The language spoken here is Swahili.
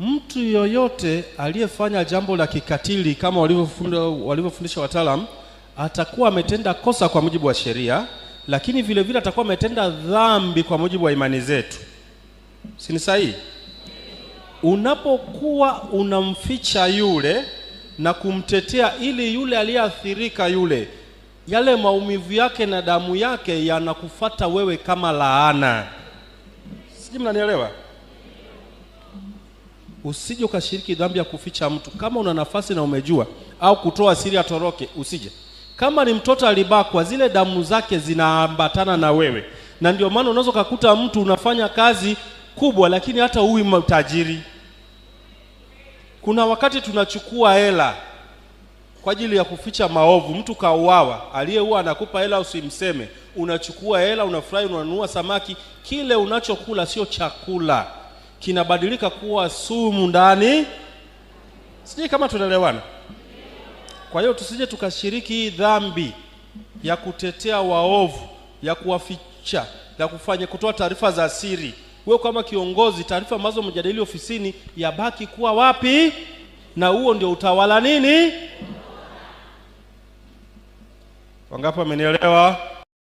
Mtu yoyote aliyefanya jambo la kikatili kama walivyofundisha wataalam atakuwa ametenda kosa kwa mujibu wa sheria, lakini vile vile atakuwa ametenda dhambi kwa mujibu wa imani zetu. Si ni sahihi? Unapokuwa unamficha yule na kumtetea ili yule aliyeathirika yule, yale maumivu yake na damu yake yanakufata wewe kama laana. Sijui mnanielewa? usije ukashiriki dhambi ya kuficha mtu. Kama una nafasi na umejua au kutoa siri atoroke, usije. Kama ni mtoto alibakwa, zile damu zake zinaambatana na wewe, na ndio maana unaweza ukakuta mtu unafanya kazi kubwa, lakini hata huwi mtajiri. Kuna wakati tunachukua hela kwa ajili ya kuficha maovu. Mtu kauawa, aliyeua anakupa hela, usimseme. Unachukua hela, unafurahi, unanunua samaki. Kile unachokula sio chakula kinabadilika kuwa sumu ndani. Sijui kama tunaelewana. Kwa hiyo tusije tukashiriki dhambi ya kutetea waovu, ya kuwaficha, ya kufanya kutoa taarifa za siri. Wewe kama kiongozi, taarifa ambazo mjadili ofisini yabaki kuwa wapi? Na huo ndio utawala nini? Wangapi wamenielewa?